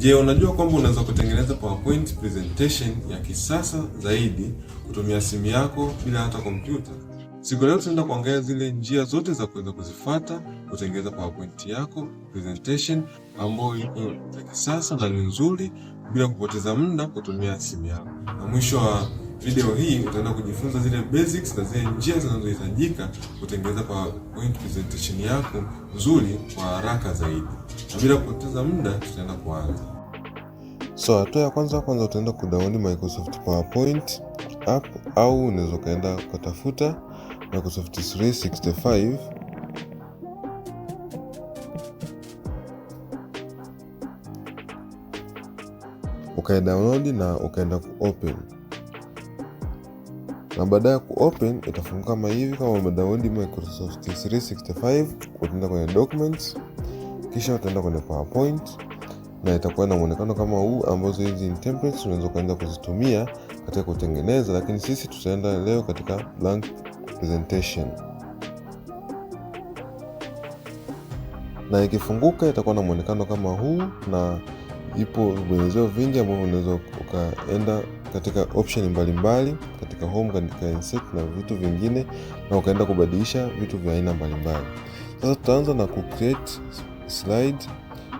Je, unajua kwamba unaweza kutengeneza PowerPoint presentation ya kisasa zaidi kutumia simu yako bila hata kompyuta? Siku leo tunaenda kuangalia zile njia zote za kuweza kuzifata kutengeneza PowerPoint yako presentation ambayo iko ya kisasa na ni nzuri bila kupoteza muda kutumia simu yako na mwisho wa video hii utaenda kujifunza zile basics na zile njia zinazohitajika kutengeneza PowerPoint presentation yako nzuri kwa haraka zaidi, na bila kupoteza muda tutaenda kuanza. So hatua ya kwanza kwanza utaenda kudownload Microsoft PowerPoint app au unaweza ukaenda kutafuta Microsoft 365 ukaidownload na ukaenda kuopen na baada ya kuopen itafunguka kama hivi, kama umedownload Microsoft 365 utaenda kwenye documents, kisha utaenda kwenye PowerPoint na itakuwa na muonekano kama huu, ambazo hizi templates unaweza kuanza kuzitumia katika kutengeneza, lakini sisi tutaenda leo katika blank presentation. Na ikifunguka itakuwa na muonekano kama huu, na ipo vibonyezo vingi ambavyo unaweza ukaenda katika option mbalimbali mbali, katika home, katika insert na vitu vingine, na ukaenda kubadilisha vitu vya aina mbalimbali. Sasa tutaanza na ku create slide,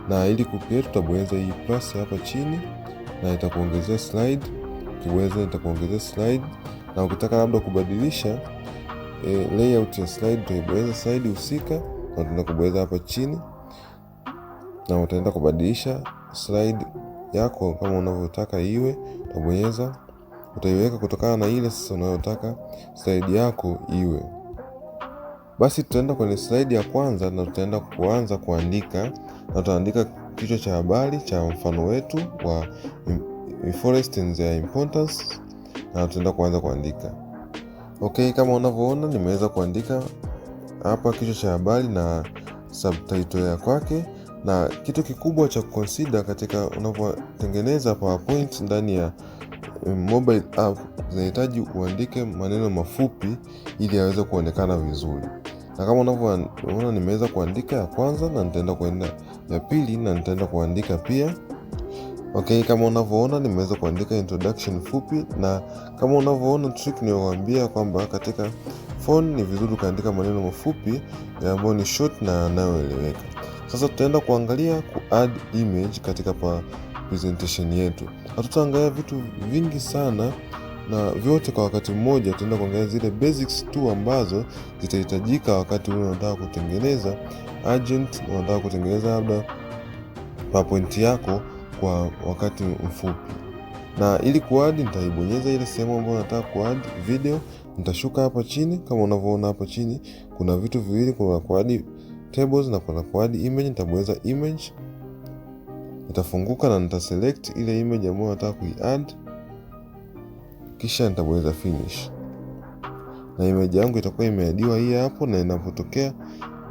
na ili ku create tutabonyeza hii plus hapa chini na itakuongezea slide. Ukibonyeza itakuongezea slide, na ukitaka labda kubadilisha e, layout ya slide utaibonyeza slide husika, na utaenda kubonyeza hapa chini na utaenda kubadilisha slide yako kama unavyotaka iwe utabonyeza, utaiweka kutokana na ile sasa unayotaka slaidi yako iwe. Basi tutaenda kwenye slaidi ya kwanza na tutaenda kuanza kuandika na tutaandika kichwa cha habari cha mfano wetu wa forest and their importance, na tutaenda kuanza kuandika. Okay, kama unavyoona nimeweza kuandika hapa kichwa cha habari na subtitle ya kwake na kitu kikubwa cha kukonsida katika unavyotengeneza PowerPoint ndani ya eh, mobile app zinahitaji uandike maneno mafupi ili yaweze kuonekana vizuri, na kama unavyoona nimeweza kuandika ya kwanza na nitaenda kuenda ya pili na nitaenda kuandika pia. Okay, kama unavyoona nimeweza kuandika introduction fupi, na kama unavyoona trick niyokuambia kwamba katika phone ni vizuri ukaandika maneno mafupi ambayo ni short na yanayoeleweka. Sasa tutaenda kuangalia ku add image katika pa presentation yetu, Hatutaangalia vitu vingi sana na vyote kwa wakati mmoja. Tutaenda kuangalia zile basics tu ambazo zitahitajika wakati ule unataka kutengeneza agent, unataka kutengeneza labda PowerPoint yako kwa wakati mfupi. Na ili kuadi, nitaibonyeza ile sehemu ambayo nataka kuadi video, nitashuka hapa chini. Kama unavyoona hapa chini kuna vitu viwili, kuna kuadi tables na kuna kuadi image, nitabonyeza image, nitafunguka na nitaselect ile image ambayo nataka kuiadd, kisha nitabonyeza finish na image yangu itakuwa imeadiwa hii hapo, na inapotokea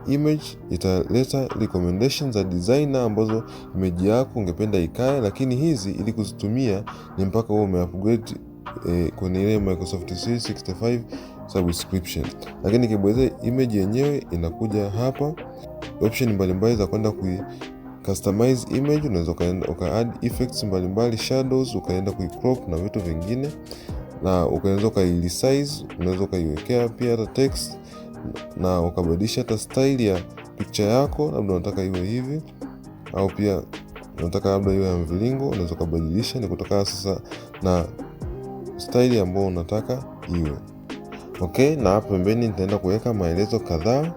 image italeta recommendations za designer ambazo image yako ungependa ikae, lakini hizi ili kuzitumia ni mpaka uwe umeupgrade eh, kwenye ile Microsoft 365 subscription. Lakini nikibonyeza image yenyewe inakuja hapa, option mbalimbali za kwenda ku customize image. Unaweza ukaenda uka add effects mbalimbali, shadows, ukaenda ku crop na vitu vingine, na ukaweza uka resize, Unaweza ukaiwekea pia hata text na ukabadilisha hata style ya picha yako, labda unataka iwe hivi au pia unataka labda iwe ya mvilingo, unaweza ukabadilisha, ni kutokana sasa na staili ambayo unataka iwe okay, na hapa pembeni nitaenda kuweka maelezo kadhaa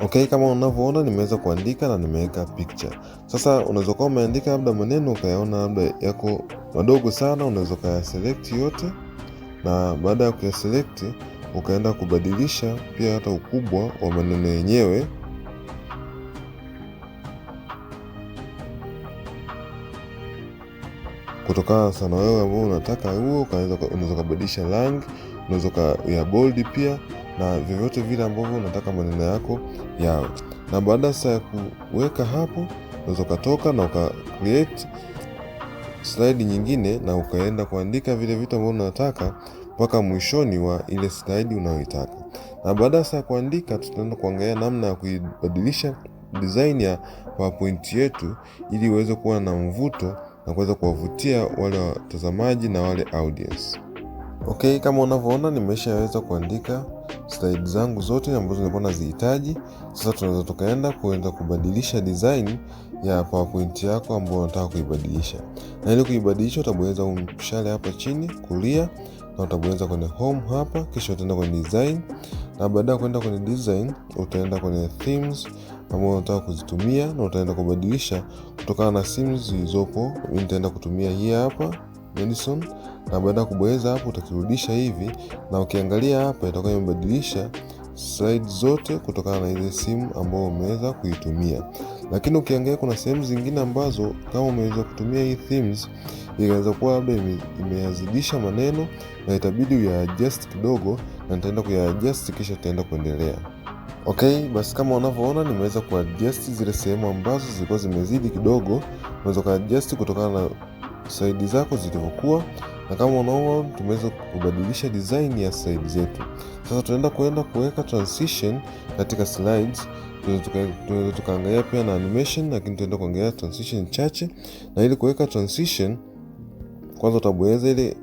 okay. Kama unavyoona nimeweza kuandika na nimeweka picture. Sasa unaweza kuwa umeandika labda maneno ukayaona labda yako madogo sana, unaweza ukayaselect yote, na baada ya kuyaselect ukaenda kubadilisha pia hata ukubwa wa maneno yenyewe kutokana sana wewe ambao unataka huo, unaweza ukabadilisha rangi, unaweza ya bold pia na vyovyote vile ambavyo unataka maneno yako yawe. Na baada sasa ya kuweka hapo, unaweza ukatoka na uka create slide nyingine na ukaenda kuandika vile vitu ambavyo unataka mpaka mwishoni wa ile slide unayoitaka. Na baada sasa ya kuandika, tutaenda kuangalia namna ya kuibadilisha design ya PowerPoint yetu ili iweze kuwa na mvuto na kuweza kuwavutia wale watazamaji na wale audience. Okay, kama unavyoona nimeshaweza kuandika slide zangu zote ambazo nilikuwa nazihitaji. Sasa tunaweza tukaenda kuenda kubadilisha design ya PowerPoint yako ambayo unataka kuibadilisha, na ili kuibadilisha utabonyeza mshale hapa chini kulia, na utabonyeza kwenye home hapa, kisha utaenda kwenye design, na baada ya kuenda kwenye design utaenda kwenye themes kama unataka kuzitumia na utaenda kubadilisha kutokana na simu zilizopo. Mimi nitaenda kutumia hii hapa Madison, na baada ya kubonyeza hapo utakirudisha hivi, na ukiangalia hapa itakuwa imebadilisha slide zote kutokana na ile simu ambayo umeweza kuitumia. Lakini ukiangalia kuna sehemu zingine ambazo kama umeweza kutumia hii themes, inaweza kuwa labda imeyazidisha maneno na itabidi uya adjust kidogo, na nitaenda kuya adjust kisha tutaenda kuendelea. Ok, basi kama unavyoona nimeweza kuadjust zile sehemu ambazo zilikuwa zimezidi kidogo, unaweza kuadjust kutokana na saidi zako zilivyokuwa, na kama unaona tumeweza kubadilisha design ya side zetu. Sasa tunaenda kuenda kuweka transition katika slides tunaweza tukaangalia pia na animation, lakini tunaenda kuangalia transition chache. Na ili kuweka transition, kwanza utabonyeza ile eh,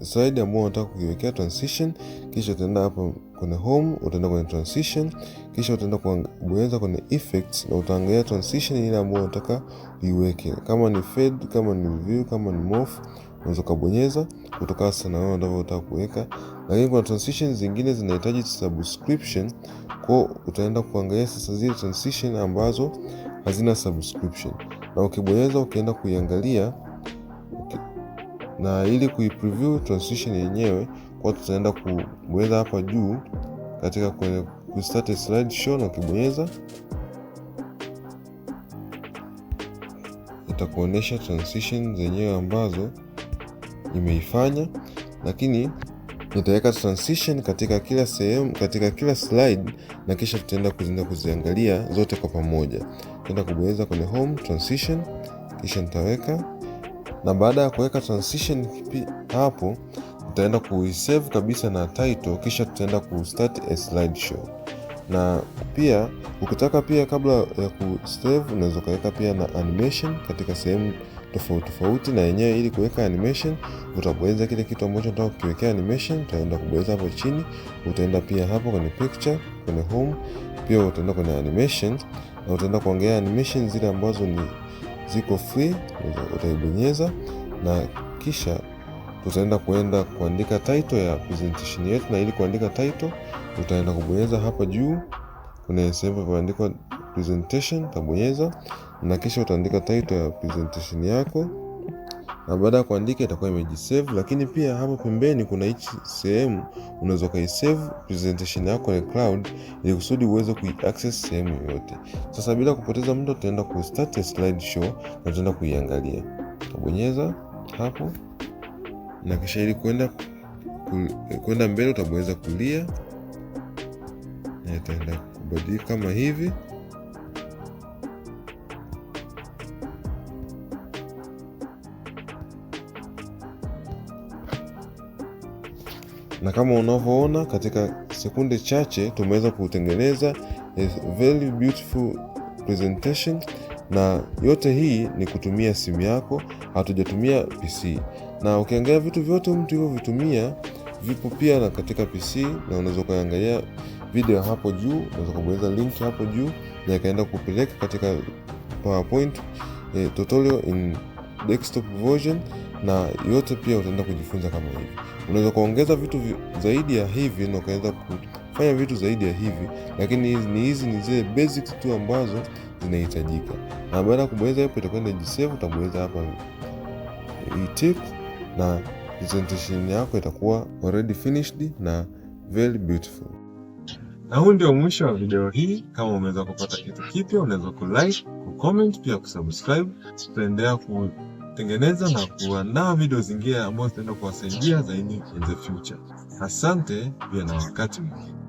side ambayo unataka kuiwekea transition, kisha utaenda hapo kwenye home, utaenda kwenye transition, kisha utaenda kubonyeza kwenye effects na utaangalia transition ile ambayo unataka uiweke, kama ni fade, kama ni view, kama ni morph unaweza kubonyeza kutoka sana wewe unavyotaka kuweka, lakini kuna transition zingine zinahitaji subscription, kwa utaenda kuangalia sasa zile transition ambazo hazina subscription, na ukibonyeza ukienda kuiangalia na ili kuipreview transition yenyewe watu tutaenda kubonyeza hapa juu katika kwenye ku start a slideshow, na ukibonyeza itakuonyesha transition zenyewe ambazo imeifanya, lakini nitaweka transition katika kila sehemu, katika kila slide, na kisha tutaenda kuzienda kuziangalia zote kwa pamoja. Tutaenda kubonyeza kwenye home transition, kisha nitaweka na baada ya kuweka transition hapo tutaenda kuisave kabisa na title, kisha tutaenda kustart a slideshow na pia ukitaka pia kabla ya kusave unaweza ukaweka pia na animation katika sehemu tofauti tofauti, na yenyewe ili kuweka animation utabonyeza kile kitu ambacho unataka kukiwekea animation. Utaenda kubonyeza hapo chini, utaenda pia hapo kwenye picture, kwenye home, pia utaenda kwenye animation na utaenda kuongea animation zile ambazo ni ziko free, utaibonyeza na kisha utaenda kuenda kuandika title ya presentation yetu, na ili kuandika title utaenda kubonyeza hapa juu, kuna sehemu imeandikwa presentation, tabonyeza na kisha utaandika title ya presentation yako, na baada ya kuandika itakuwa imejisave. Lakini pia hapo pembeni kuna hichi sehemu unaweza ukaisave presentation yako ya cloud, ili kusudi uweze kuiaccess sehemu yoyote. Sasa bila kupoteza muda, tutaenda ku start slide show na tutaenda kuiangalia. tabonyeza hapo na kisha ili kwenda kwenda mbele utabonyeza kulia na itaenda kubadilika kama hivi. Na kama unavyoona katika sekunde chache tumeweza kutengeneza a very beautiful presentation, na yote hii ni kutumia simu yako, hatujatumia PC na ukiangalia vitu vyote mtu hivyo vitumia vipo pia na katika PC na unaweza ukaangalia video hapo juu, unaweza kubonyeza link hapo juu na ikaenda kupeleka katika PowerPoint eh, tutorial in desktop version, na yote pia utaenda kujifunza kama hivi. Unaweza kuongeza vitu zaidi ya hivi na ukaweza kufanya vitu zaidi ya hivi, lakini ni hizi ni zile basics tu ambazo zinahitajika, na baada ya kubonyeza hapo itakwenda jisave, utabonyeza hapa hii tip na presentation yako itakuwa already finished na very beautiful. Na huu ndio mwisho wa video hii. Kama umeweza kupata kitu kipya, unaweza kulike, kucomment, pia kusubscribe. Tutaendelea kutengeneza na kuandaa video zingine ambazo zitaenda kuwasaidia zaidi in the future. Asante pia na wakati mwingine.